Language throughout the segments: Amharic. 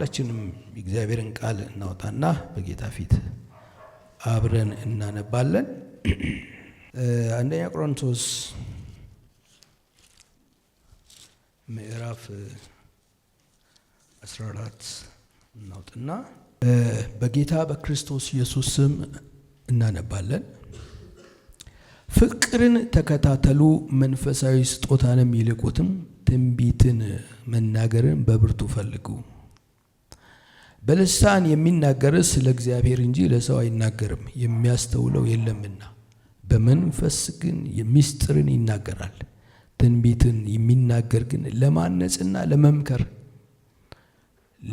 ሁላችንም የእግዚአብሔርን ቃል እናወጣና በጌታ ፊት አብረን እናነባለን። አንደኛ ቆሮንቶስ ምዕራፍ 14 እናውጥና በጌታ በክርስቶስ ኢየሱስ ስም እናነባለን። ፍቅርን ተከታተሉ፣ መንፈሳዊ ስጦታንም ይልቁትም ትንቢትን መናገርን በብርቱ ፈልጉ። በልሳን የሚናገር ስለ እግዚአብሔር እንጂ ለሰው አይናገርም፣ የሚያስተውለው የለምና። በመንፈስ ግን ምስጢርን ይናገራል። ትንቢትን የሚናገር ግን ለማነጽና ለመምከር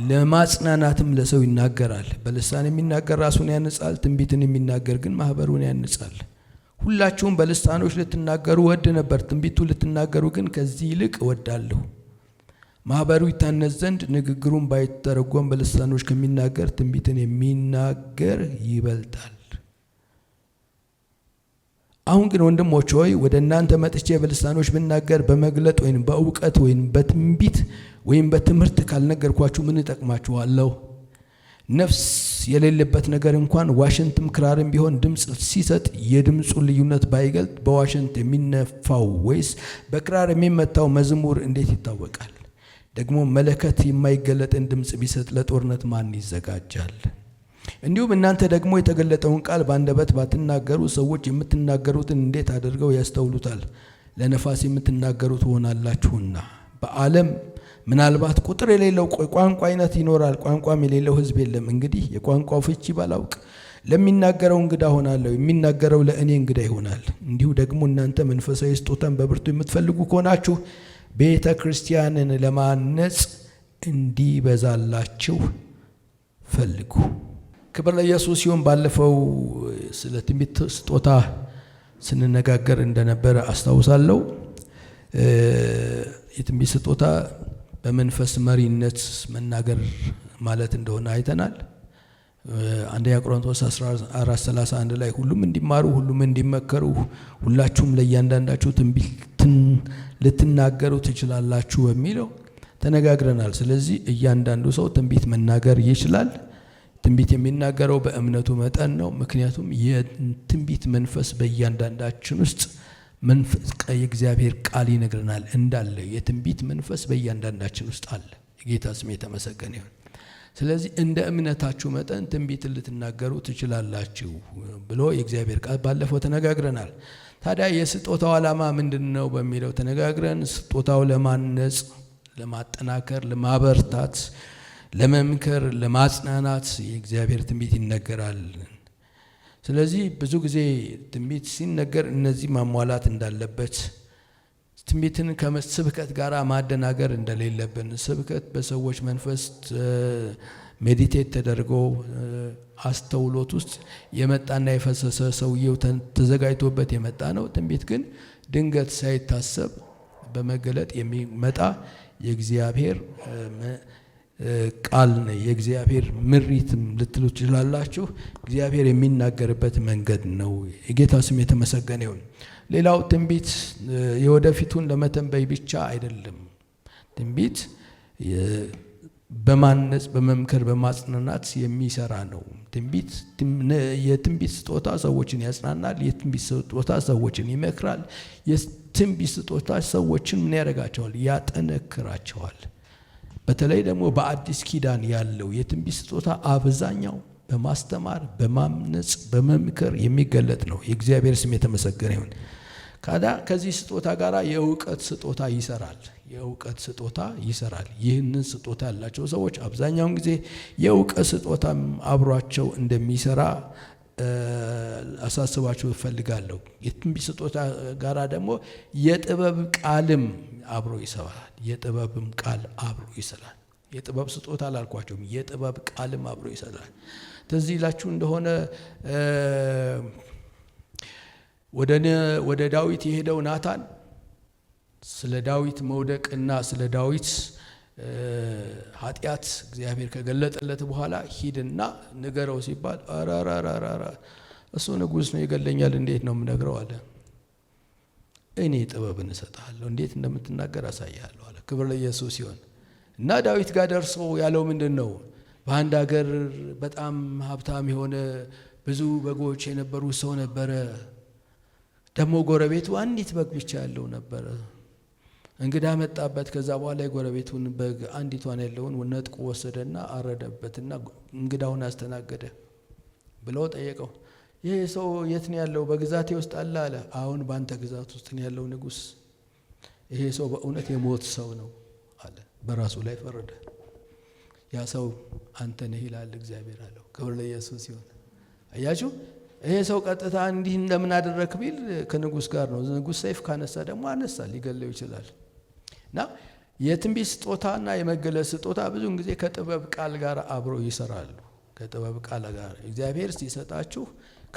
ለማጽናናትም ለሰው ይናገራል። በልሳን የሚናገር ራሱን ያነጻል፣ ትንቢትን የሚናገር ግን ማህበሩን ያነጻል። ሁላችሁም በልሳኖች ልትናገሩ ወድ ነበር፣ ትንቢቱ ልትናገሩ ግን ከዚህ ይልቅ እወዳለሁ። ማህበሩ ይታነጽ ዘንድ ንግግሩን ባይተረጎም በልሳኖች ከሚናገር ትንቢትን የሚናገር ይበልጣል። አሁን ግን ወንድሞች ሆይ ወደ እናንተ መጥቼ በልሳኖች ብናገር በመግለጥ ወይም በእውቀት ወይም በትንቢት ወይም በትምህርት ካልነገርኳችሁ ምን እጠቅማችኋለሁ? ነፍስ የሌለበት ነገር እንኳን ዋሽንትም ክራርም ቢሆን ድምፅ ሲሰጥ የድምፁ ልዩነት ባይገልጥ በዋሽንት የሚነፋው ወይስ በክራር የሚመታው መዝሙር እንዴት ይታወቃል? ደግሞ መለከት የማይገለጥን ድምፅ ቢሰጥ ለጦርነት ማን ይዘጋጃል? እንዲሁም እናንተ ደግሞ የተገለጠውን ቃል በአንደበት ባትናገሩ ሰዎች የምትናገሩትን እንዴት አድርገው ያስተውሉታል? ለነፋስ የምትናገሩ ትሆናላችሁና። በዓለም ምናልባት ቁጥር የሌለው ቋንቋ አይነት ይኖራል፣ ቋንቋም የሌለው ሕዝብ የለም። እንግዲህ የቋንቋው ፍቺ ባላውቅ ለሚናገረው እንግዳ ሆናለሁ፣ የሚናገረው ለእኔ እንግዳ ይሆናል። እንዲሁ ደግሞ እናንተ መንፈሳዊ ስጦታን በብርቱ የምትፈልጉ ከሆናችሁ ቤተ ክርስቲያንን ለማነጽ እንዲበዛላችሁ ፈልጉ። ክብር ለኢየሱስ ሲሆን ባለፈው ስለ ትንቢት ስጦታ ስንነጋገር እንደነበረ አስታውሳለሁ። የትንቢት ስጦታ በመንፈስ መሪነት መናገር ማለት እንደሆነ አይተናል። አንደኛ ቆሮንቶስ 1431 ላይ ሁሉም እንዲማሩ፣ ሁሉም እንዲመከሩ፣ ሁላችሁም ለእያንዳንዳችሁ ትንቢት ልትናገሩ ትችላላችሁ በሚለው ተነጋግረናል። ስለዚህ እያንዳንዱ ሰው ትንቢት መናገር ይችላል። ትንቢት የሚናገረው በእምነቱ መጠን ነው። ምክንያቱም የትንቢት መንፈስ በእያንዳንዳችን ውስጥ መንፈስ የእግዚአብሔር ቃል ይነግረናል እንዳለ የትንቢት መንፈስ በእያንዳንዳችን ውስጥ አለ። ጌታ ስም የተመሰገነ ይሁን። ስለዚህ እንደ እምነታችሁ መጠን ትንቢት ልትናገሩ ትችላላችሁ ብሎ የእግዚአብሔር ቃል ባለፈው ተነጋግረናል። ታዲያ የስጦታው ዓላማ ምንድን ነው በሚለው ተነጋግረን ስጦታው ለማነጽ፣ ለማጠናከር፣ ለማበርታት፣ ለመምከር፣ ለማጽናናት የእግዚአብሔር ትንቢት ይነገራል። ስለዚህ ብዙ ጊዜ ትንቢት ሲነገር እነዚህ ማሟላት እንዳለበት ትንቢትን ከስብከት ጋር ማደናገር እንደሌለብን ስብከት በሰዎች መንፈስ ሜዲቴት ተደርጎ አስተውሎት ውስጥ የመጣና የፈሰሰ ሰውየው ተዘጋጅቶበት የመጣ ነው። ትንቢት ግን ድንገት ሳይታሰብ በመገለጥ የሚመጣ የእግዚአብሔር ቃል ነው። የእግዚአብሔር ምሪትም ልትሉ ትችላላችሁ። እግዚአብሔር የሚናገርበት መንገድ ነው። የጌታ ስም የተመሰገነ ይሁን። ሌላው ትንቢት የወደፊቱን ለመተንበይ ብቻ አይደለም። ትንቢት በማነጽ በመምከር በማጽናናት የሚሰራ ነው። ትንቢት የትንቢት ስጦታ ሰዎችን ያጽናናል። የትንቢት ስጦታ ሰዎችን ይመክራል። የትንቢት ስጦታ ሰዎችን ምን ያደርጋቸዋል? ያጠነክራቸዋል። በተለይ ደግሞ በአዲስ ኪዳን ያለው የትንቢት ስጦታ አብዛኛው በማስተማር በማምነጽ በመምከር የሚገለጥ ነው። የእግዚአብሔር ስም የተመሰገነ ይሁን። ካዳ ከዚህ ስጦታ ጋር የእውቀት ስጦታ ይሰራል። የእውቀት ስጦታ ይሰራል። ይህንን ስጦታ ያላቸው ሰዎች አብዛኛውን ጊዜ የእውቀት ስጦታ አብሯቸው እንደሚሰራ አሳስባችሁ እፈልጋለሁ። የትንቢት ስጦታ ጋራ ደግሞ የጥበብ ቃልም አብሮ ይሰራል። የጥበብም ቃል አብሮ ይሰራል። የጥበብ ስጦታ አላልኳቸውም። የጥበብ ቃልም አብሮ ይሰራል። ትዝ ይላችሁ እንደሆነ ወደ ዳዊት የሄደው ናታን ስለ ዳዊት መውደቅ እና ስለ ዳዊት ኃጢአት እግዚአብሔር ከገለጠለት በኋላ ሂድና ንገረው ሲባል አራራራራ እሱ ንጉሥ ነው ይገለኛል፣ እንዴት ነው የምነግረው አለ። እኔ ጥበብን እሰጥሃለሁ፣ እንዴት እንደምትናገር አሳያለሁ አለ። ክብር ለኢየሱስ ሲሆን እና ዳዊት ጋር ደርሶ ያለው ምንድን ነው? በአንድ ሀገር በጣም ሀብታም የሆነ ብዙ በጎች የነበሩ ሰው ነበረ። ደግሞ ጎረቤቱ አንዲት በግ ብቻ ያለው ነበረ። እንግዳ መጣበት። ከዛ በኋላ የጎረቤቱን በግ አንዲቷን ያለውን ነጥቁ ወሰደና አረደበትና እንግዳውን አስተናገደ ብለው ጠየቀው። ይህ ሰው የት ነው ያለው? በግዛቴ ውስጥ አለ አለ። አሁን በአንተ ግዛት ውስጥ ነው ያለው ንጉሥ። ይሄ ሰው በእውነት የሞት ሰው ነው አለ። በራሱ ላይ ፈረደ። ያ ሰው አንተ ነህ ይላል እግዚአብሔር አለው። ክብር ለኢየሱስ ይሁን። አያችሁ ይሄ ሰው ቀጥታ እንዲህ እንደምን አደረክ ቢል ከንጉስ ጋር ነው። ንጉስ ሰይፍ ካነሳ ደግሞ አነሳ ሊገለው ይችላል። እና የትንቢት ስጦታና የመገለጽ ስጦታ ብዙውን ጊዜ ከጥበብ ቃል ጋር አብረው ይሰራሉ። ከጥበብ ቃል ጋር እግዚአብሔር ሲሰጣችሁ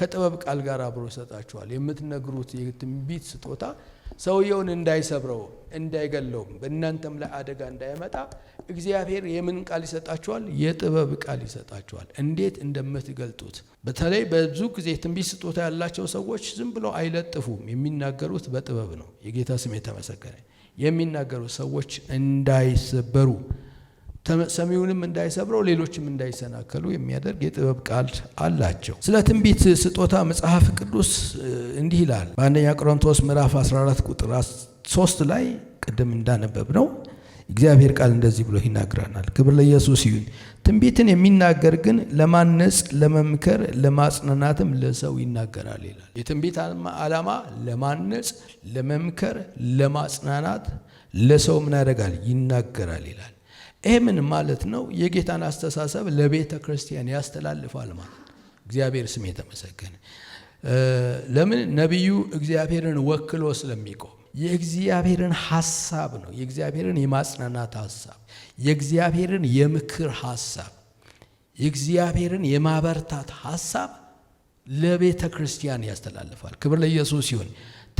ከጥበብ ቃል ጋር አብሮ ይሰጣችኋል። የምትነግሩት የትንቢት ስጦታ ሰውየውን እንዳይሰብረው እንዳይገለውም በእናንተም ላይ አደጋ እንዳይመጣ እግዚአብሔር የምን ቃል ይሰጣችኋል? የጥበብ ቃል ይሰጣችኋል። እንዴት እንደምትገልጡት። በተለይ በብዙ ጊዜ ትንቢት ስጦታ ያላቸው ሰዎች ዝም ብሎ አይለጥፉም። የሚናገሩት በጥበብ ነው። የጌታ ስም የተመሰገነ የሚናገሩት ሰዎች እንዳይሰበሩ ሰሚውንም እንዳይሰብረው ሌሎችም እንዳይሰናከሉ የሚያደርግ የጥበብ ቃል አላቸው። ስለ ትንቢት ስጦታ መጽሐፍ ቅዱስ እንዲህ ይላል። በአንደኛ ቆሮንቶስ ምዕራፍ 14 ቁጥር 3 ላይ ቅድም እንዳነበብ ነው እግዚአብሔር ቃል እንደዚህ ብሎ ይናገረናል። ክብር ለኢየሱስ ይሁን። ትንቢትን የሚናገር ግን ለማነጽ፣ ለመምከር፣ ለማጽናናትም ለሰው ይናገራል ይላል። የትንቢት ዓላማ ለማነጽ፣ ለመምከር፣ ለማጽናናት ለሰው ምን ያደርጋል? ይናገራል ይላል። ይሄ ምን ማለት ነው? የጌታን አስተሳሰብ ለቤተ ክርስቲያን ያስተላልፋል ማለት እግዚአብሔር ስም የተመሰገነ። ለምን ነቢዩ እግዚአብሔርን ወክሎ ስለሚቆም የእግዚአብሔርን ሀሳብ ነው። የእግዚአብሔርን የማጽናናት ሀሳብ፣ የእግዚአብሔርን የምክር ሀሳብ፣ የእግዚአብሔርን የማበርታት ሀሳብ ለቤተ ክርስቲያን ያስተላልፋል። ክብር ለኢየሱስ ይሁን።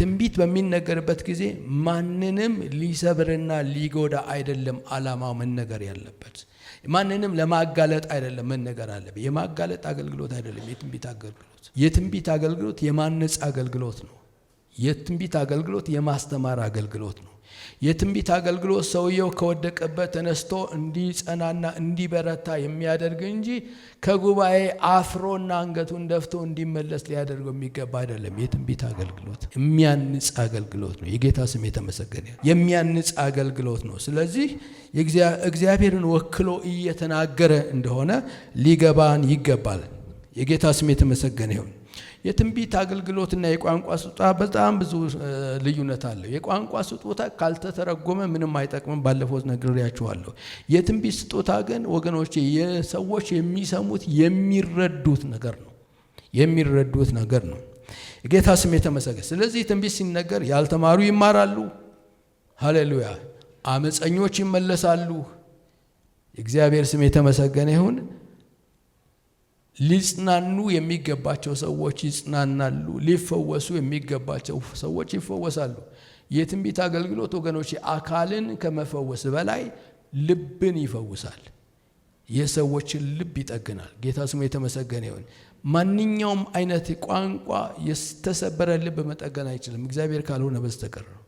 ትንቢት በሚነገርበት ጊዜ ማንንም ሊሰብርና ሊጎዳ አይደለም። ዓላማው መነገር ያለበት ማንንም ለማጋለጥ አይደለም። መነገር አለበት። የማጋለጥ አገልግሎት አይደለም። የትንቢት አገልግሎት የትንቢት አገልግሎት የማነጽ አገልግሎት ነው። የትንቢት አገልግሎት የማስተማር አገልግሎት ነው። የትንቢት አገልግሎት ሰውየው ከወደቀበት ተነስቶ እንዲጸናና እንዲበረታ የሚያደርግ እንጂ ከጉባኤ አፍሮና አንገቱን ደፍቶ እንዲመለስ ሊያደርገው የሚገባ አይደለም። የትንቢት አገልግሎት የሚያንጽ አገልግሎት ነው። የጌታ ስም የተመሰገነ። የሚያንጽ አገልግሎት ነው። ስለዚህ እግዚአብሔርን ወክሎ እየተናገረ እንደሆነ ሊገባን ይገባል። የጌታ ስም የተመሰገነ ይሁን። የትንቢት አገልግሎትና የቋንቋ ስጦታ በጣም ብዙ ልዩነት አለው። የቋንቋ ስጦታ ካልተተረጎመ ምንም አይጠቅምም፣ ባለፈው ነግሬያችኋለሁ። የትንቢት ስጦታ ግን ወገኖቼ የሰዎች የሚሰሙት የሚረዱት ነገር ነው፣ የሚረዱት ነገር ነው። ጌታ ስም የተመሰገነ። ስለዚህ ትንቢት ሲነገር ያልተማሩ ይማራሉ፣ ሀሌሉያ አመፀኞች ይመለሳሉ። እግዚአብሔር ስም የተመሰገነ ይሁን። ሊጽናኑ የሚገባቸው ሰዎች ይጽናናሉ። ሊፈወሱ የሚገባቸው ሰዎች ይፈወሳሉ። የትንቢት አገልግሎት ወገኖች አካልን ከመፈወስ በላይ ልብን ይፈውሳል። የሰዎችን ልብ ይጠግናል። ጌታ ስሙ የተመሰገነ ይሁን። ማንኛውም አይነት ቋንቋ የተሰበረ ልብ መጠገን አይችልም፣ እግዚአብሔር ካልሆነ በስተቀር ነው።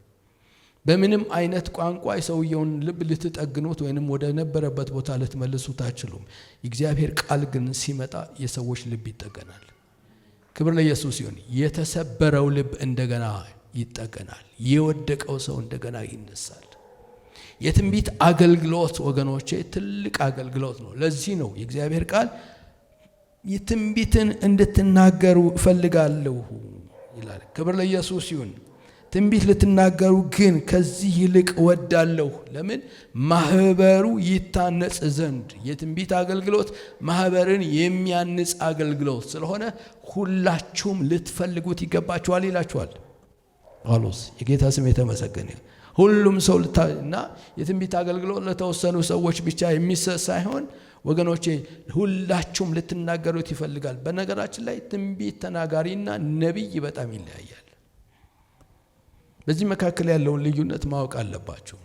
በምንም አይነት ቋንቋ የሰውየውን ልብ ልትጠግኑት ወይንም ወደ ነበረበት ቦታ ልትመልሱት አችሉም የእግዚአብሔር ቃል ግን ሲመጣ የሰዎች ልብ ይጠገናል። ክብር ለኢየሱስ ይሁን። የተሰበረው ልብ እንደገና ይጠገናል። የወደቀው ሰው እንደገና ይነሳል። የትንቢት አገልግሎት ወገኖቼ ትልቅ አገልግሎት ነው። ለዚህ ነው የእግዚአብሔር ቃል የትንቢትን እንድትናገሩ እፈልጋለሁ ይላል። ክብር ለኢየሱስ ይሁን። ትንቢት ልትናገሩ ግን ከዚህ ይልቅ እወዳለሁ። ለምን ማህበሩ ይታነጽ ዘንድ የትንቢት አገልግሎት ማህበርን የሚያንጽ አገልግሎት ስለሆነ ሁላችሁም ልትፈልጉት ይገባችኋል ይላችኋል ጳውሎስ። የጌታ ስም የተመሰገነ። ሁሉም ሰው እና የትንቢት አገልግሎት ለተወሰኑ ሰዎች ብቻ የሚሰጥ ሳይሆን ወገኖቼ ሁላችሁም ልትናገሩት ይፈልጋል። በነገራችን ላይ ትንቢት ተናጋሪና ነቢይ በጣም ይለያያል። በዚህ መካከል ያለውን ልዩነት ማወቅ አለባችሁ።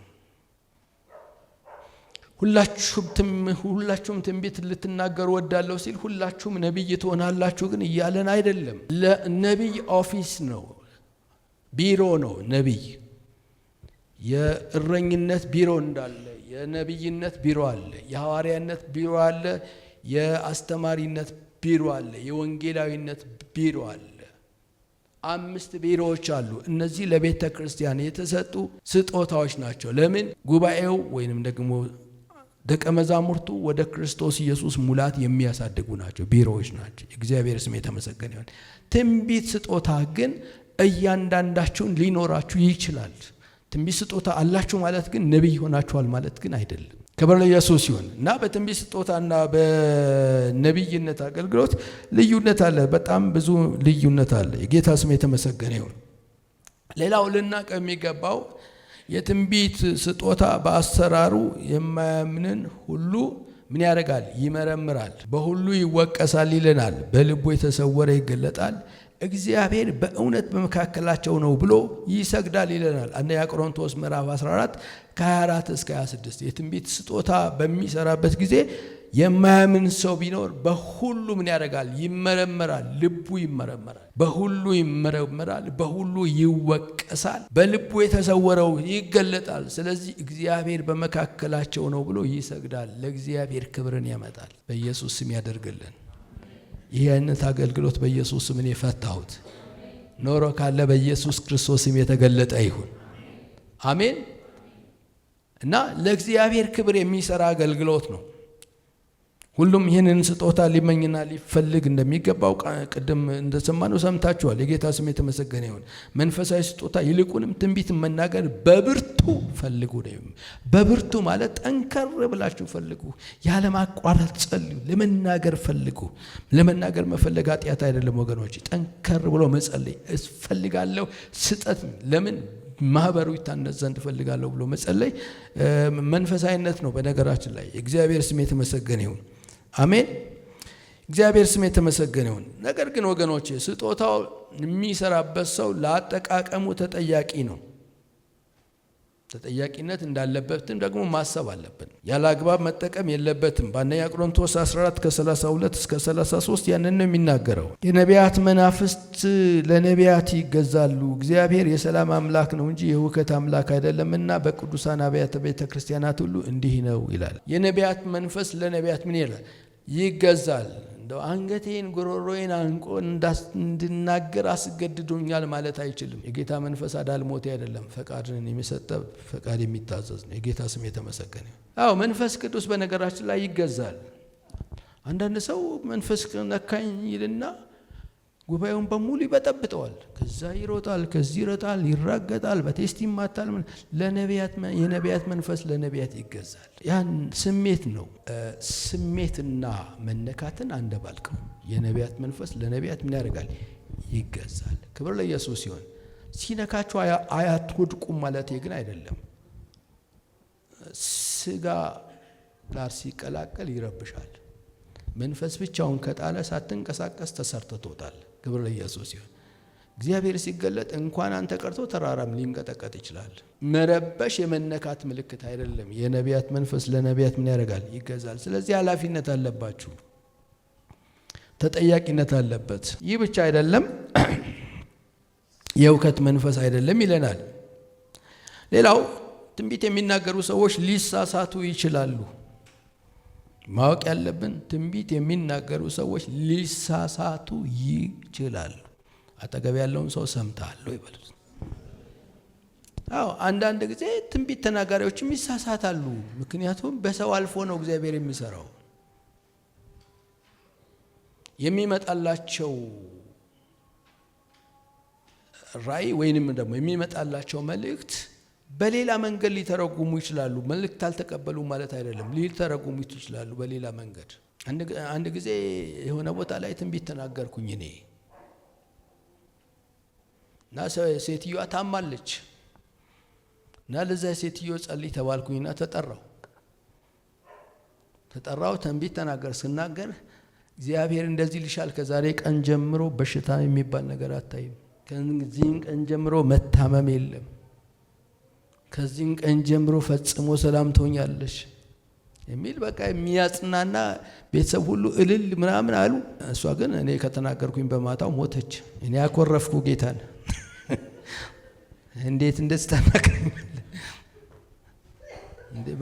ሁላችሁም ትንቢት ልትናገሩ ወዳለሁ ሲል ሁላችሁም ነቢይ ትሆናላችሁ ግን እያለን አይደለም። ለነቢይ ኦፊስ ነው፣ ቢሮ ነው። ነቢይ የእረኝነት ቢሮ እንዳለ የነቢይነት ቢሮ አለ፣ የሐዋርያነት ቢሮ አለ፣ የአስተማሪነት ቢሮ አለ፣ የወንጌላዊነት ቢሮ አለ። አምስት ቢሮዎች አሉ። እነዚህ ለቤተ ክርስቲያን የተሰጡ ስጦታዎች ናቸው። ለምን ጉባኤው ወይንም ደግሞ ደቀ መዛሙርቱ ወደ ክርስቶስ ኢየሱስ ሙላት የሚያሳድጉ ናቸው፣ ቢሮዎች ናቸው። እግዚአብሔር ስም የተመሰገነ ይሆን። ትንቢት ስጦታ ግን እያንዳንዳችሁን ሊኖራችሁ ይችላል። ትንቢት ስጦታ አላችሁ ማለት ግን ነቢይ ሆናችኋል ማለት ግን አይደለም። ክብር ለኢየሱስ ይሁን እና በትንቢት ስጦታና በነቢይነት አገልግሎት ልዩነት አለ። በጣም ብዙ ልዩነት አለ። የጌታ ስም የተመሰገነ ይሁን። ሌላው ልናቀ የሚገባው የትንቢት ስጦታ በአሰራሩ የማያምንን ሁሉ ምን ያደርጋል? ይመረምራል፣ በሁሉ ይወቀሳል ይለናል። በልቡ የተሰወረ ይገለጣል እግዚአብሔር በእውነት በመካከላቸው ነው ብሎ ይሰግዳል ይለናል። አንደኛ ቆሮንቶስ ምዕራፍ 14 ከ24 እስከ 26 የትንቢት ስጦታ በሚሰራበት ጊዜ የማያምን ሰው ቢኖር በሁሉ ምን ያደርጋል? ይመረመራል። ልቡ ይመረመራል። በሁሉ ይመረመራል። በሁሉ ይወቀሳል። በልቡ የተሰወረው ይገለጣል። ስለዚህ እግዚአብሔር በመካከላቸው ነው ብሎ ይሰግዳል። ለእግዚአብሔር ክብርን ያመጣል። በኢየሱስ ስም ያደርግልን። ይህንን አገልግሎት በኢየሱስ ምን የፈታሁት ኖሮ ካለ በኢየሱስ ክርስቶስም የተገለጠ ይሁን። አሜን። እና ለእግዚአብሔር ክብር የሚሰራ አገልግሎት ነው። ሁሉም ይህንን ስጦታ ሊመኝና ሊፈልግ እንደሚገባው ቅድም እንደሰማነው ሰምታችኋል። የጌታ ስም የተመሰገነ ይሁን። መንፈሳዊ ስጦታ ይልቁንም ትንቢት መናገር በብርቱ ፈልጉ ነው። በብርቱ ማለት ጠንከር ብላችሁ ፈልጉ፣ ያለማቋረጥ ጸልዩ፣ ለመናገር ፈልጉ። ለመናገር መፈለግ ኃጢአት አይደለም ወገኖች፣ ጠንከር ብሎ መጸለይ እፈልጋለሁ። ስጠት ለምን ማህበሩ ይታነጽ ዘንድ እፈልጋለሁ ብሎ መጸለይ መንፈሳዊነት ነው። በነገራችን ላይ እግዚአብሔር ስም የተመሰገነ ይሁን። አሜን። እግዚአብሔር ስም የተመሰገነ ይሁን። ነገር ግን ወገኖች ስጦታው የሚሰራበት ሰው ለአጠቃቀሙ ተጠያቂ ነው። ተጠያቂነት እንዳለበትም ደግሞ ማሰብ አለብን። ያለ አግባብ መጠቀም የለበትም። በአንደኛ ቆሮንቶስ 14 ከ32 እስከ 33 ያንን ነው የሚናገረው። የነቢያት መናፍስት ለነቢያት ይገዛሉ። እግዚአብሔር የሰላም አምላክ ነው እንጂ የውከት አምላክ አይደለምና በቅዱሳን አብያተ ቤተ ክርስቲያናት ሁሉ እንዲህ ነው ይላል። የነቢያት መንፈስ ለነቢያት ምን ይላል? ይገዛል። እንደው አንገቴን ጉሮሮዬን አንቆ እንድናገር አስገድዶኛል ማለት አይችልም። የጌታ መንፈስ አዳልሞቴ አይደለም፣ ፈቃድን የሚሰጠ ፈቃድ የሚታዘዝ ነው። የጌታ ስም የተመሰገነ። አዎ መንፈስ ቅዱስ በነገራችን ላይ ይገዛል። አንዳንድ ሰው መንፈስ ነካኝ ይልና ጉባኤውን በሙሉ ይበጠብጠዋል። ከዛ ይሮጣል፣ ከዚህ ይረጣል፣ ይራገጣል፣ በቴስት ይማታል። ለነቢያት የነቢያት መንፈስ ለነቢያት ይገዛል። ያን ስሜት ነው። ስሜትና መነካትን አንደባልቀው። የነቢያት መንፈስ ለነቢያት ምን ያደርጋል? ይገዛል። ክብር ለኢየሱስ ሲሆን ሲነካቸው አያትወድቁም ማለት ግን አይደለም። ስጋ ጋር ሲቀላቀል ይረብሻል። መንፈስ ብቻውን ከጣለ ሳትንቀሳቀስ ተሰርተቶታል። ግብር ለኢየሱስ ይሁን። እግዚአብሔር ሲገለጥ እንኳን አንተ ቀርቶ ተራራም ሊንቀጠቀጥ ይችላል። መረበሽ የመነካት ምልክት አይደለም። የነቢያት መንፈስ ለነቢያት ምን ያደርጋል? ይገዛል። ስለዚህ ኃላፊነት አለባችሁ፣ ተጠያቂነት አለበት። ይህ ብቻ አይደለም፣ የእውከት መንፈስ አይደለም ይለናል። ሌላው ትንቢት የሚናገሩ ሰዎች ሊሳሳቱ ይችላሉ። ማወቅ ያለብን ትንቢት የሚናገሩ ሰዎች ሊሳሳቱ ይችላሉ። አጠገብ ያለውን ሰው ሰምተሃል ይበሉት። አዎ አንዳንድ ጊዜ ትንቢት ተናጋሪዎችም ይሳሳታሉ። ምክንያቱም በሰው አልፎ ነው እግዚአብሔር የሚሰራው። የሚመጣላቸው ራእይ ወይንም ደግሞ የሚመጣላቸው መልእክት በሌላ መንገድ ሊተረጉሙ ይችላሉ። መልእክት አልተቀበሉ ማለት አይደለም። ሊተረጉሙ ይችላሉ በሌላ መንገድ። አንድ ጊዜ የሆነ ቦታ ላይ ትንቢት ተናገርኩኝ እኔ እና ሴትዮዋ ታማለች እና ለዛ ሴትዮ ጸልይ ተባልኩኝና ተጠራው ተጠራው ትንቢት ተናገር ስናገር እግዚአብሔር እንደዚህ ልሻል፣ ከዛሬ ቀን ጀምሮ በሽታ የሚባል ነገር አታይም። ከዚህም ቀን ጀምሮ መታመም የለም ከዚህ ቀን ጀምሮ ፈጽሞ ሰላም ትሆኛለሽ የሚል በቃ የሚያጽናና ቤተሰብ ሁሉ እልል ምናምን አሉ። እሷ ግን እኔ ከተናገርኩኝ በማታው ሞተች። እኔ ያኮረፍኩ ጌታን እንዴት እንደዚህ ታናግረኛለህ?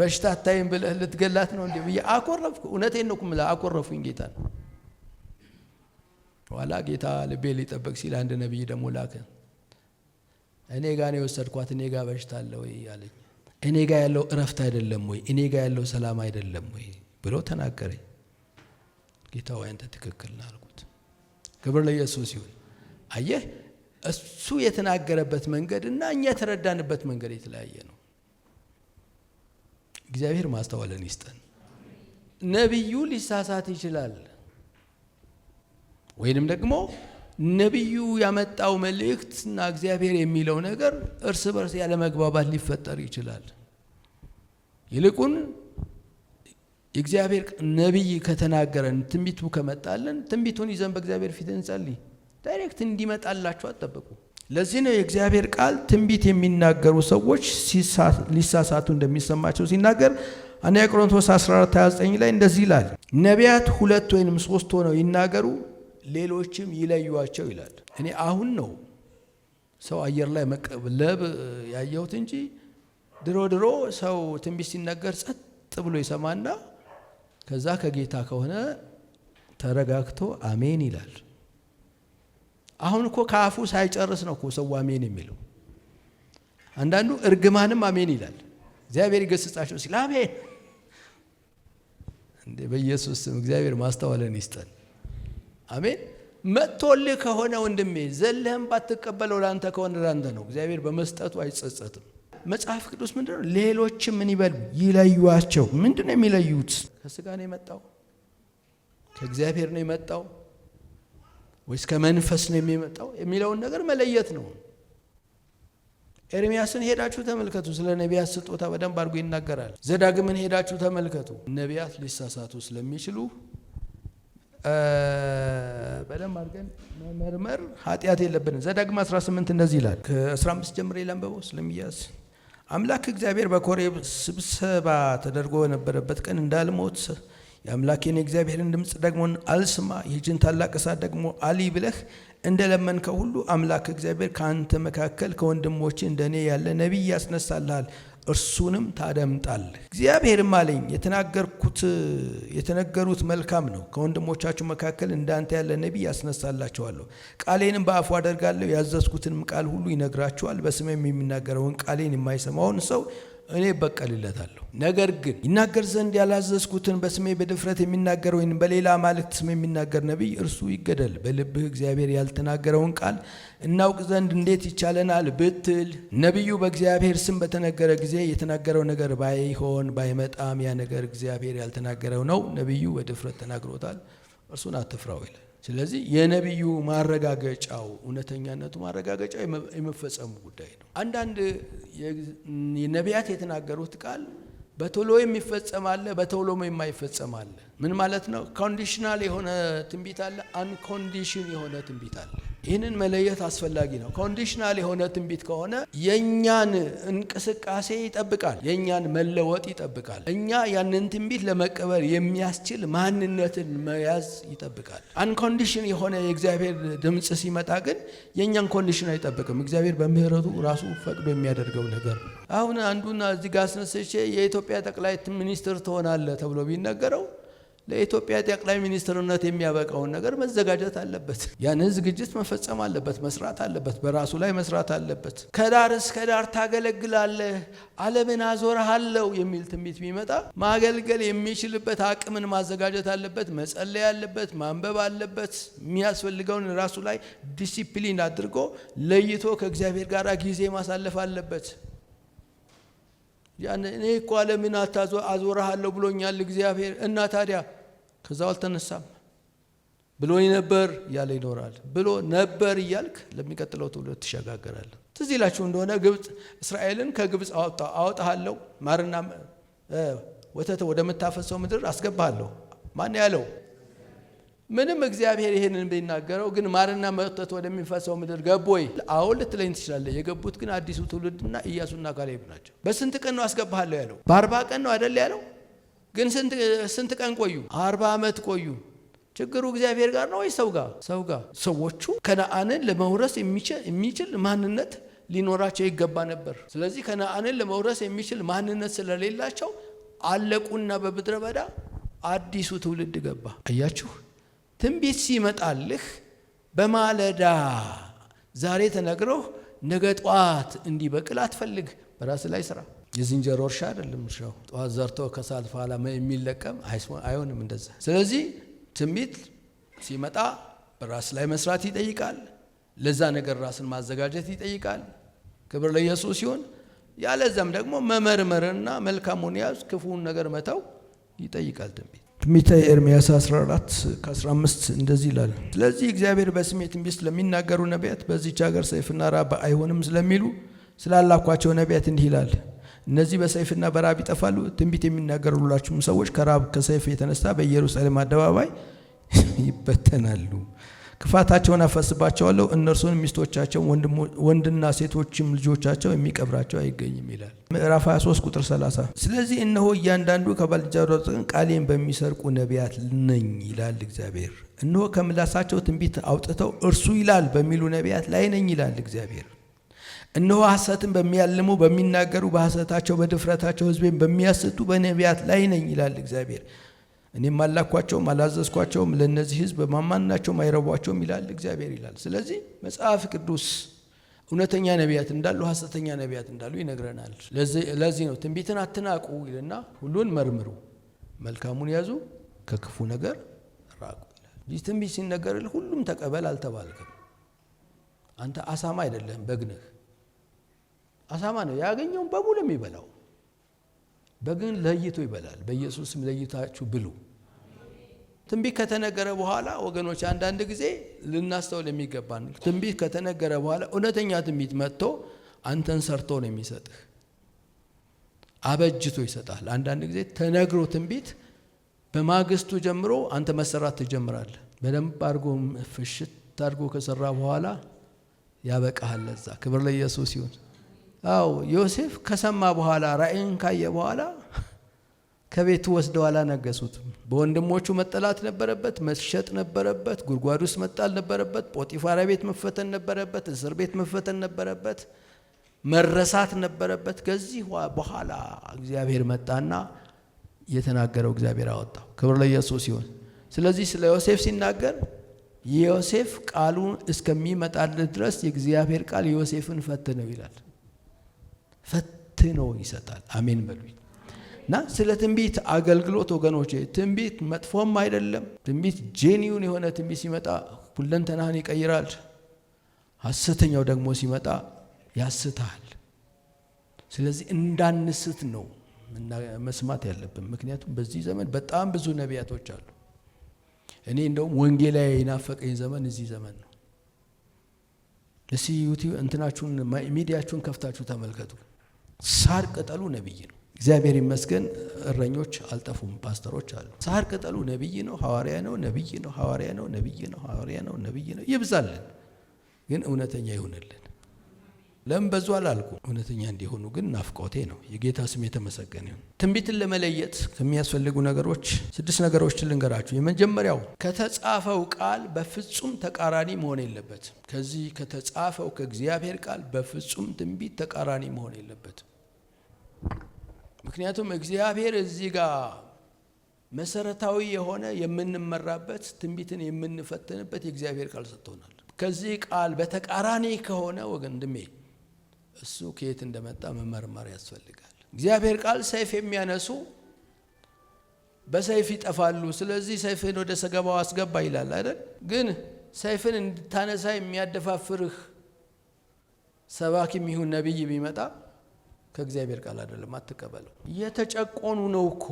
በሽታ አታይም ብለህ ልትገላት ነው እንዴ ብዬ አኮረፍኩ። እውነቴን ነው የምልህ፣ አኮረፉኝ ጌታን። ኋላ ጌታ ልቤ ሊጠበቅ ሲል አንድ ነቢይ ደግሞ ላከ። እኔ ጋ ነው የወሰድኳት፣ እኔ ጋ በሽታ አለ ወይ አለኝ። እኔ ጋ ያለው እረፍት አይደለም ወይ? እኔ ጋ ያለው ሰላም አይደለም ወይ ብሎ ተናገረኝ። ጌታ ወይ አንተ ትክክል ነህ አልኩት። ክብር ለኢየሱስ ይሁን። አየህ እሱ የተናገረበት መንገድ እና እኛ የተረዳንበት መንገድ የተለያየ ነው። እግዚአብሔር ማስተዋለን ይስጠን። ነቢዩ ሊሳሳት ይችላል ወይንም ደግሞ ነቢዩ ያመጣው መልእክትና እግዚአብሔር የሚለው ነገር እርስ በርስ ያለመግባባት ሊፈጠር ይችላል። ይልቁን የእግዚአብሔር ነቢይ ከተናገረን ትንቢቱ ከመጣልን ትንቢቱን ይዘን በእግዚአብሔር ፊት እንጸልይ። ዳይሬክት እንዲመጣላቸው አጠበቁ። ለዚህ ነው የእግዚአብሔር ቃል ትንቢት የሚናገሩ ሰዎች ሊሳሳቱ እንደሚሰማቸው ሲናገር አንደኛ ቆሮንቶስ 14፥29 ላይ እንደዚህ ይላል፣ ነቢያት ሁለት ወይንም ሶስት ሆነው ይናገሩ ሌሎችም ይለዩዋቸው ይላል። እኔ አሁን ነው ሰው አየር ላይ መቅለብ ያየሁት እንጂ ድሮ ድሮ ሰው ትንቢት ሲነገር ጸጥ ብሎ ይሰማና ከዛ ከጌታ ከሆነ ተረጋግቶ አሜን ይላል። አሁን እኮ ከአፉ ሳይጨርስ ነው እኮ ሰው አሜን የሚለው። አንዳንዱ እርግማንም አሜን ይላል። እግዚአብሔር ይገስጻቸው ሲል አሜን። እንዴ! በኢየሱስ ስም እግዚአብሔር ማስተዋለን ይስጠን። አሜን። መጥቶልህ ከሆነ ወንድሜ ዘለህም ባትቀበለው ለአንተ ከሆነ ለአንተ ነው። እግዚአብሔር በመስጠቱ አይጸጸትም። መጽሐፍ ቅዱስ ምንድነው? ሌሎችም ምን ይበሉ ይለዩዋቸው። ምንድነው የሚለዩት? ከስጋ ነው የመጣው ከእግዚአብሔር ነው የመጣው ወይስ ከመንፈስ ነው የሚመጣው የሚለውን ነገር መለየት ነው። ኤርሚያስን ሄዳችሁ ተመልከቱ። ስለ ነቢያት ስጦታ በደንብ አድርጎ ይናገራል። ዘዳግምን ሄዳችሁ ተመልከቱ። ነቢያት ሊሳሳቱ ስለሚችሉ በደንብ አድርገን መመርመር ኃጢአት የለብንም። ዘዳግም 18 እንደዚህ ይላል። ከ15 ጀምሬ ላንበበው ስለሚያዝ አምላክ እግዚአብሔር በኮሬብ ስብሰባ ተደርጎ በነበረበት ቀን እንዳልሞት የአምላኬን የእግዚአብሔርን ድምፅ ደግሞ አልስማ፣ ይህችን ታላቅ እሳት ደግሞ አሊ ብለህ እንደ ለመንከው ሁሉ አምላክ እግዚአብሔር ከአንተ መካከል ከወንድሞች እንደኔ ያለ ነቢይ ያስነሳልሃል፣ እርሱንም ታደምጣል። እግዚአብሔርም አለኝ የተናገርኩት የተነገሩት መልካም ነው። ከወንድሞቻችሁ መካከል እንዳንተ ያለ ነቢይ ያስነሳላቸዋለሁ። ቃሌንም በአፉ አደርጋለሁ፣ ያዘዝኩትንም ቃል ሁሉ ይነግራችኋል። በስሜም የሚናገረውን ቃሌን የማይሰማውን ሰው እኔ እበቀልለታለሁ። ነገር ግን ይናገር ዘንድ ያላዘዝኩትን በስሜ በድፍረት የሚናገር ወይም በሌላ አማልክት ስም የሚናገር ነቢይ እርሱ ይገደል። በልብህ እግዚአብሔር ያልተናገረውን ቃል እናውቅ ዘንድ እንዴት ይቻለናል ብትል፣ ነቢዩ በእግዚአብሔር ስም በተነገረ ጊዜ የተናገረው ነገር ባይሆን ባይመጣም ያ ነገር እግዚአብሔር ያልተናገረው ነው። ነቢዩ በድፍረት ተናግሮታል። እርሱን አትፍራው ይላል። ስለዚህ የነቢዩ ማረጋገጫው እውነተኛነቱ ማረጋገጫው የመፈጸሙ ጉዳይ ነው። አንዳንድ ነቢያት የተናገሩት ቃል በቶሎ የሚፈጸም አለ፣ በቶሎም የማይፈጸም አለ። ምን ማለት ነው? ኮንዲሽናል የሆነ ትንቢት አለ፣ አንኮንዲሽን የሆነ ትንቢት አለ። ይህንን መለየት አስፈላጊ ነው። ኮንዲሽናል የሆነ ትንቢት ከሆነ የእኛን እንቅስቃሴ ይጠብቃል፣ የእኛን መለወጥ ይጠብቃል። እኛ ያንን ትንቢት ለመቀበል የሚያስችል ማንነትን መያዝ ይጠብቃል። አንኮንዲሽን የሆነ የእግዚአብሔር ድምፅ ሲመጣ ግን የእኛን ኮንዲሽን አይጠብቅም። እግዚአብሔር በምሕረቱ ራሱ ፈቅዶ የሚያደርገው ነገር ነው። አሁን አንዱና እዚህ ጋር አስነስቼ የኢትዮጵያ ጠቅላይ ሚኒስትር ትሆናለህ ተብሎ ቢነገረው ለኢትዮጵያ ጠቅላይ ሚኒስትርነት የሚያበቃውን ነገር መዘጋጀት አለበት። ያንን ዝግጅት መፈጸም አለበት፣ መስራት አለበት፣ በራሱ ላይ መስራት አለበት። ከዳር እስከ ዳር ታገለግላለህ፣ ዓለምን አዞርሃለሁ የሚል ትንቢት ቢመጣ ማገልገል የሚችልበት አቅምን ማዘጋጀት አለበት፣ መጸለይ አለበት፣ ማንበብ አለበት። የሚያስፈልገውን ራሱ ላይ ዲሲፕሊን አድርጎ ለይቶ ከእግዚአብሔር ጋር ጊዜ ማሳለፍ አለበት። እኔ እኮ ዓለምን አዞርሃለሁ ብሎኛል እግዚአብሔር እና ታዲያ ከዛው አልተነሳም ብሎ ነበር እያለ ይኖራል። ብሎ ነበር እያልክ ለሚቀጥለው ትውልድ ትሸጋገራለህ። ትዝ ይላችሁ እንደሆነ ግብፅ እስራኤልን ከግብፅ አወጣሃለሁ ማርና ወተት ወደምታፈሰው ምድር አስገባሃለሁ። ማን ያለው? ምንም እግዚአብሔር ይህንን ቢናገረው ግን ማርና ወተት ወደሚፈሰው ምድር ገቡ ወይ? አሁን ልትለኝ ትችላለህ። የገቡት ግን አዲሱ ትውልድና ኢያሱና ካሌብ ናቸው። በስንት ቀን ነው አስገባሃለሁ ያለው? በአርባ ቀን ነው አይደል ያለው? ግን ስንት ቀን ቆዩ? አርባ ዓመት ቆዩ። ችግሩ እግዚአብሔር ጋር ነው ወይ ሰው ጋር? ሰው ጋር። ሰዎቹ ከነአንን ለመውረስ የሚችል ማንነት ሊኖራቸው ይገባ ነበር። ስለዚህ ከነአንን ለመውረስ የሚችል ማንነት ስለሌላቸው አለቁና በምድረ በዳ አዲሱ ትውልድ ገባ። አያችሁ፣ ትንቢት ሲመጣልህ በማለዳ ዛሬ ተነግረው ነገ ጠዋት እንዲበቅል አትፈልግ። በራስ ላይ ስራ የዝንጀሮ እርሻ አይደለም። እርሻው ጠዋት ዘርቶ ከሰዓት በኋላ የሚለቀም አይሆንም እንደዛ። ስለዚህ ትንቢት ሲመጣ በራስ ላይ መስራት ይጠይቃል። ለዛ ነገር ራስን ማዘጋጀት ይጠይቃል። ክብር ለኢየሱስ ሲሆን ያለዛም ደግሞ መመርመርና መልካሙን ያዝ ክፉውን ነገር መተው ይጠይቃል። ትንቢት ትንቢተ ኤርምያስ 14 ከ15 እንደዚህ ይላል። ስለዚህ እግዚአብሔር በስሜ ትንቢት ስለሚናገሩ ነቢያት በዚች ሀገር ሰይፍና ራብ አይሆንም ስለሚሉ ስላላኳቸው ነቢያት እንዲህ ይላል እነዚህ በሰይፍና በራብ ይጠፋሉ ትንቢት የሚናገሩላችሁም ሰዎች ከራብ ከሰይፍ የተነሳ በኢየሩሳሌም አደባባይ ይበተናሉ ክፋታቸውን አፈስባቸዋለሁ እነርሱን ሚስቶቻቸው ወንድና ሴቶችም ልጆቻቸው የሚቀብራቸው አይገኝም ይላል ምዕራፍ 23 ቁጥር 30 ስለዚህ እነሆ እያንዳንዱ ከባልንጀራው ቃሌን በሚሰርቁ ነቢያት ነኝ ይላል እግዚአብሔር እነሆ ከምላሳቸው ትንቢት አውጥተው እርሱ ይላል በሚሉ ነቢያት ላይ ነኝ ይላል እግዚአብሔር እነሆ ሐሰትን በሚያልሙ በሚናገሩ በሐሰታቸው በድፍረታቸው ሕዝቤን በሚያስቱ በነቢያት ላይ ነኝ ይላል እግዚአብሔር። እኔም አላኳቸውም አላዘዝኳቸውም፣ ለእነዚህ ሕዝብ ማናቸውም አይረቧቸውም ይላል እግዚአብሔር ይላል። ስለዚህ መጽሐፍ ቅዱስ እውነተኛ ነቢያት እንዳሉ ሐሰተኛ ነቢያት እንዳሉ ይነግረናል። ለዚህ ነው ትንቢትን አትናቁ ይልና ሁሉን መርምሩ፣ መልካሙን ያዙ፣ ከክፉ ነገር ራቁ ይላል። ትንቢት ሲነገርል ሁሉም ተቀበል አልተባልክም። አንተ አሳማ አይደለህም፣ በግ ነህ። አሳማ ነው ያገኘውን በሙሉ የሚበላው። በግን ለይቶ ይበላል። በኢየሱስም ለይታችሁ ብሉ። ትንቢት ከተነገረ በኋላ ወገኖች፣ አንዳንድ ጊዜ ልናስተውል የሚገባ ነው። ትንቢት ከተነገረ በኋላ እውነተኛ ትንቢት መጥቶ አንተን ሰርቶ ነው የሚሰጥህ፣ አበጅቶ ይሰጣል። አንዳንድ ጊዜ ተነግሮ ትንቢት በማግስቱ ጀምሮ አንተ መሰራት ትጀምራለህ። በደንብ አድርጎ ፍሽት አድርጎ ከሰራ በኋላ ያበቃሃል። ለዛ ክብር ለኢየሱስ ይሁን። አው ዮሴፍ ከሰማ በኋላ ራእይን ካየ በኋላ ከቤቱ ወስደው አላነገሱትም። በወንድሞቹ መጠላት ነበረበት፣ መሸጥ ነበረበት፣ ጉድጓድ ውስጥ መጣል ነበረበት፣ ጶጢፋራ ቤት መፈተን ነበረበት፣ እስር ቤት መፈተን ነበረበት፣ መረሳት ነበረበት። ከዚህ በኋላ እግዚአብሔር መጣና የተናገረው እግዚአብሔር አወጣው። ክብር ለኢየሱስ ሲሆን ስለዚህ ስለ ዮሴፍ ሲናገር ዮሴፍ ቃሉ እስከሚመጣለት ድረስ የእግዚአብሔር ቃል ዮሴፍን ፈትነው ይላል። ፈትኖ ይሰጣል። አሜን በሉ። እና ስለ ትንቢት አገልግሎት ወገኖች ትንቢት መጥፎም አይደለም። ትንቢት ጄኒውን የሆነ ትንቢት ሲመጣ ሁለንተናህን ይቀይራል። ሐሰተኛው ደግሞ ሲመጣ ያስታል። ስለዚህ እንዳንስት ነው መስማት ያለብን። ምክንያቱም በዚህ ዘመን በጣም ብዙ ነቢያቶች አሉ። እኔ እንደውም ወንጌላዊ የናፈቀኝ ዘመን እዚህ ዘመን ነው። እስኪ ዩቲዩብ እንትናችሁን ሚዲያችሁን ከፍታችሁ ተመልከቱ። ሳር ቅጠሉ ነቢይ ነው። እግዚአብሔር ይመስገን እረኞች አልጠፉም፣ ፓስተሮች አሉ። ሳር ቅጠሉ ነቢይ ነው፣ ሐዋርያ ነው፣ ነቢይ ነው፣ ሐዋርያ ነው፣ ነቢይ ነው፣ ሐዋርያ ነው፣ ነቢይ ነው። ይብዛልን፣ ግን እውነተኛ ይሁንልን። ለምን በዙ አላልኩ። እውነተኛ እንዲሆኑ ግን ናፍቆቴ ነው። የጌታ ስም የተመሰገነ ይሁን። ትንቢትን ለመለየት ከሚያስፈልጉ ነገሮች ስድስት ነገሮች ልንገራችሁ። የመጀመሪያው ከተጻፈው ቃል በፍጹም ተቃራኒ መሆን የለበትም። ከዚህ ከተጻፈው ከእግዚአብሔር ቃል በፍጹም ትንቢት ተቃራኒ መሆን የለበትም። ምክንያቱም እግዚአብሔር እዚህ ጋር መሰረታዊ የሆነ የምንመራበት ትንቢትን የምንፈትንበት የእግዚአብሔር ቃል ሰጥቶናል። ከዚህ ቃል በተቃራኒ ከሆነ ወገን ድሜ እሱ ከየት እንደመጣ መመርመር ያስፈልጋል። እግዚአብሔር ቃል ሰይፍ የሚያነሱ በሰይፍ ይጠፋሉ፣ ስለዚህ ሰይፍን ወደ ሰገባው አስገባ ይላል አይደል? ግን ሰይፍን እንድታነሳ የሚያደፋፍርህ ሰባኪ ይሁን ነቢይ ቢመጣ ከእግዚአብሔር ቃል አይደለም፣ አትቀበለው። እየተጨቆኑ ነው እኮ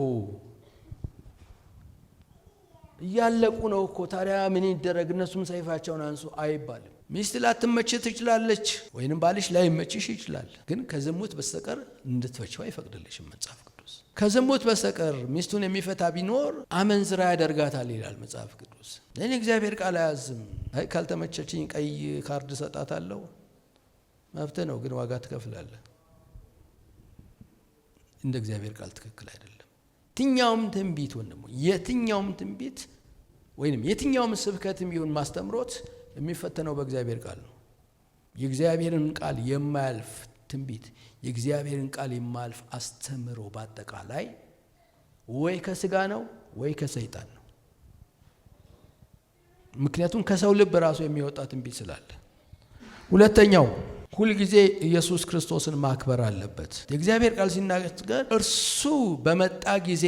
እያለቁ ነው እኮ። ታዲያ ምን ይደረግ? እነሱም ሰይፋቸውን አንሱ አይባልም። ሚስት ላትመች ትችላለች፣ ወይንም ባልሽ ላይመችሽ ይችላል። ግን ከዝሙት በስተቀር እንድትፈችው አይፈቅድልሽም መጽሐፍ ቅዱስ። ከዝሙት በስተቀር ሚስቱን የሚፈታ ቢኖር አመንዝራ ያደርጋታል ይላል መጽሐፍ ቅዱስ። እኔ እግዚአብሔር ቃል አያዝም። አይ ካልተመቸችኝ ቀይ ካርድ ሰጣታለሁ። መብት ነው፣ ግን ዋጋ ትከፍላለህ። እንደ እግዚአብሔር ቃል ትክክል አይደለም። የትኛውም ትንቢት ወንድሞ፣ የትኛውም ትንቢት ወይንም የትኛውም ስብከትም ቢሆን ማስተምሮት የሚፈተነው በእግዚአብሔር ቃል ነው። የእግዚአብሔርን ቃል የማያልፍ ትንቢት፣ የእግዚአብሔርን ቃል የማያልፍ አስተምሮ በአጠቃላይ ወይ ከስጋ ነው ወይ ከሰይጣን ነው። ምክንያቱም ከሰው ልብ ራሱ የሚወጣ ትንቢት ስላለ። ሁለተኛው ሁልጊዜ ኢየሱስ ክርስቶስን ማክበር አለበት። የእግዚአብሔር ቃል ሲናገር እርሱ በመጣ ጊዜ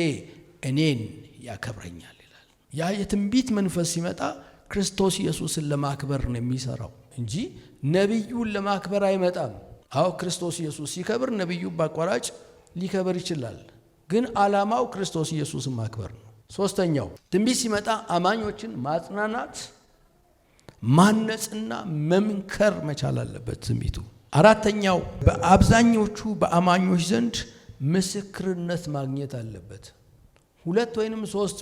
እኔን ያከብረኛል ይላል። ያ የትንቢት መንፈስ ሲመጣ ክርስቶስ ኢየሱስን ለማክበር ነው የሚሰራው እንጂ ነቢዩን ለማክበር አይመጣም። አዎ ክርስቶስ ኢየሱስ ሲከብር ነቢዩ በአቋራጭ ሊከብር ይችላል፣ ግን ዓላማው ክርስቶስ ኢየሱስን ማክበር ነው። ሶስተኛው ትንቢት ሲመጣ አማኞችን ማጽናናት፣ ማነጽና መምከር መቻል አለበት ትንቢቱ። አራተኛው በአብዛኞቹ በአማኞች ዘንድ ምስክርነት ማግኘት አለበት። ሁለት ወይንም ሶስት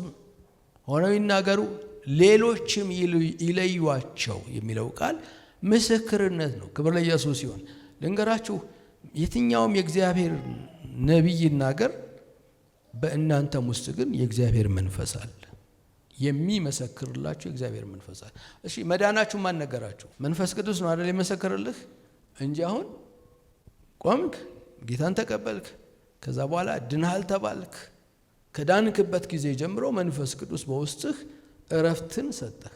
ሆነው ይናገሩ ሌሎችም ይለዩዋቸው የሚለው ቃል ምስክርነት ነው። ክብር ለኢየሱስ ሲሆን ልንገራችሁ፣ የትኛውም የእግዚአብሔር ነቢይ ይናገር፣ በእናንተም ውስጥ ግን የእግዚአብሔር መንፈስ አለ። የሚመሰክርላችሁ የእግዚአብሔር መንፈስ አለ። እሺ መዳናችሁ ማን ነገራችሁ? መንፈስ ቅዱስ ነው አደል የመሰክርልህ እንጂ አሁን ቆምክ፣ ጌታን ተቀበልክ፣ ከዛ በኋላ ድናሃል ተባልክ። ከዳንክበት ጊዜ ጀምሮ መንፈስ ቅዱስ በውስጥህ እረፍትን ሰጠህ፣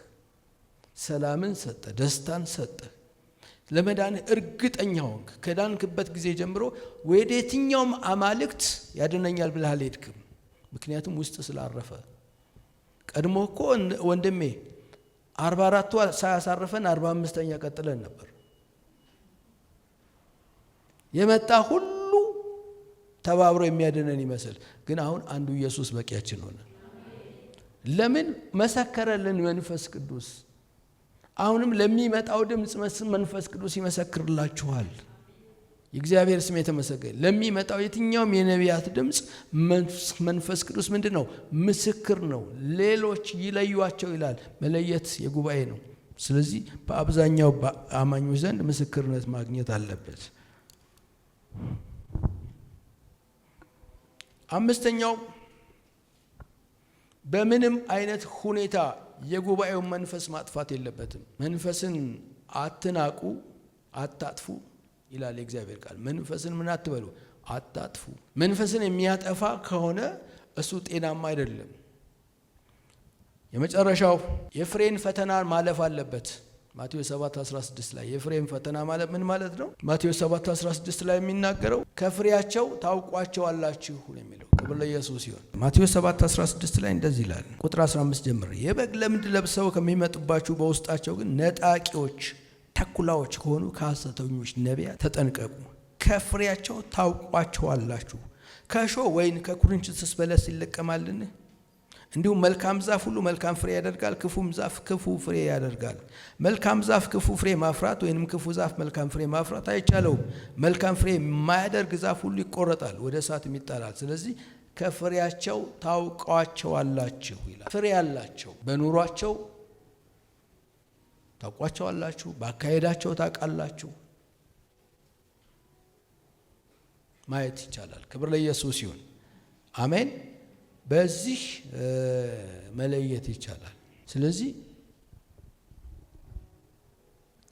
ሰላምን ሰጠህ፣ ደስታን ሰጠህ። ለመዳንህ እርግጠኛ ሆንክ። ከዳንክበት ጊዜ ጀምሮ ወደ የትኛውም አማልክት ያድነኛል ብለህ አልሄድክም። ምክንያቱም ውስጥ ስላረፈ። ቀድሞ እኮ ወንድሜ አርባ አራቱ ሳያሳርፈን አርባ አምስተኛ ቀጥለን ነበር። የመጣ ሁሉ ተባብሮ የሚያድነን ይመስል ግን አሁን አንዱ ኢየሱስ በቂያችን ሆነ። ለምን መሰከረልን መንፈስ ቅዱስ። አሁንም ለሚመጣው ድምፅ መንፈስ ቅዱስ ይመሰክርላችኋል። የእግዚአብሔር ስም የተመሰገ ለሚመጣው የትኛውም የነቢያት ድምፅ መንፈስ ቅዱስ ምንድን ነው? ምስክር ነው። ሌሎች ይለዩቸው ይላል። መለየት የጉባኤ ነው። ስለዚህ በአብዛኛው በአማኞች ዘንድ ምስክርነት ማግኘት አለበት። አምስተኛው በምንም አይነት ሁኔታ የጉባኤውን መንፈስ ማጥፋት የለበትም። መንፈስን አትናቁ፣ አታጥፉ ይላል የእግዚአብሔር ቃል። መንፈስን ምን አትበሉ፣ አታጥፉ። መንፈስን የሚያጠፋ ከሆነ እሱ ጤናማ አይደለም። የመጨረሻው የፍሬን ፈተና ማለፍ አለበት። ማቴዎስ 7:16 ላይ የፍሬን ፈተና ማለት ምን ማለት ነው? ማቴዎስ 7:16 ላይ የሚናገረው ከፍሬያቸው ታውቋቸዋላችሁ አላችሁ የሚለው ክብር ለኢየሱስ ይሁን። ማቴዎስ 7 16 ላይ እንደዚህ ይላል፣ ቁጥር 15 ጀምር የበግ ለምድ ለብሰው ከሚመጡባችሁ በውስጣቸው ግን ነጣቂዎች፣ ተኩላዎች ከሆኑ ከሐሰተኞች ነቢያ ተጠንቀቁ። ከፍሬያቸው ታውቋቸዋላችሁ። ከእሾህ ወይን ከኩርንችትስ በለስ ይለቀማልን? እንዲሁም መልካም ዛፍ ሁሉ መልካም ፍሬ ያደርጋል፣ ክፉም ዛፍ ክፉ ፍሬ ያደርጋል። መልካም ዛፍ ክፉ ፍሬ ማፍራት ወይንም ክፉ ዛፍ መልካም ፍሬ ማፍራት አይቻለውም። መልካም ፍሬ የማያደርግ ዛፍ ሁሉ ይቆረጣል፣ ወደ እሳትም ይጣላል። ስለዚህ ከፍሬያቸው ታውቋቸዋላችሁ ይላል። ፍሬ ያላቸው በኑሯቸው ታውቋቸዋላችሁ፣ በአካሄዳቸው ታውቃላችሁ። ማየት ይቻላል። ክብር ለኢየሱስ ይሁን። አሜን። በዚህ መለየት ይቻላል። ስለዚህ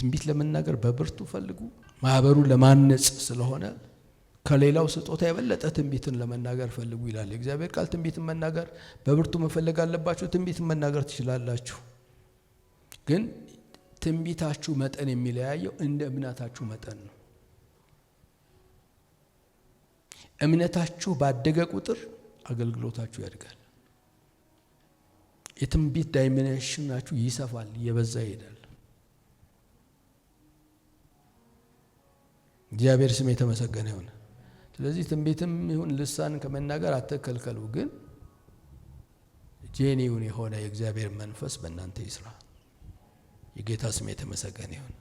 ትንቢት ለመናገር በብርቱ ፈልጉ። ማህበሩ ለማነጽ ስለሆነ ከሌላው ስጦታ የበለጠ ትንቢትን ለመናገር ፈልጉ ይላል እግዚአብሔር ቃል። ትንቢትን መናገር በብርቱ መፈለግ አለባችሁ። ትንቢትን መናገር ትችላላችሁ፣ ግን ትንቢታችሁ መጠን የሚለያየው እንደ እምነታችሁ መጠን ነው። እምነታችሁ ባደገ ቁጥር አገልግሎታችሁ ያድጋል። የትንቢት ዳይሜንሽናችሁ ይሰፋል፣ እየበዛ ይሄዳል። እግዚአብሔር ስም የተመሰገነ ይሆነ ስለዚህ ትንቢትም ይሁን ልሳን ከመናገር አትከልከሉ፣ ግን ጄኒውን የሆነ የእግዚአብሔር መንፈስ በእናንተ ይስራ። የጌታ ስም የተመሰገነ ይሁን።